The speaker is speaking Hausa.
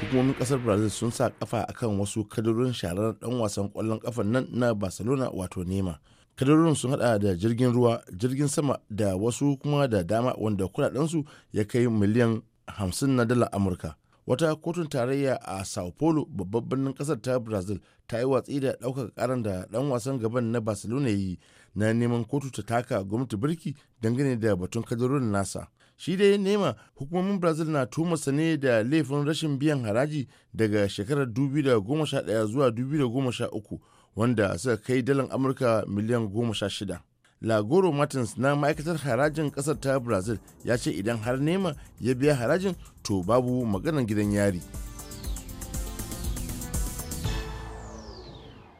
hukumomin kasar brazil sun sa kafa akan wasu kadarorin sharar dan wasan kwallon kafan nan na barcelona wato nema kadarorin sun hada da jirgin ruwa jirgin sama da wasu kuma da dama wanda kudadensu ya kai miliyan 50 na dala amurka wata kotun tarayya a sao paulo babban birnin kasar ta brazil ta yi watsi da ɗaukaka karan da ɗan wasan gaban na barcelona yi na neman kotu ta taka gwamnati birki dangane da batun kadarorin nasa shi dai nema hukumomin brazil na tumasa ne da laifin rashin biyan haraji daga shekarar 2011 zuwa 2013 wanda suka kai dalar amurka miliyan 16 lagoro martins na ma'aikatar harajin kasar ta brazil ya ce idan har nema ya biya harajin to babu maganan gidan yari.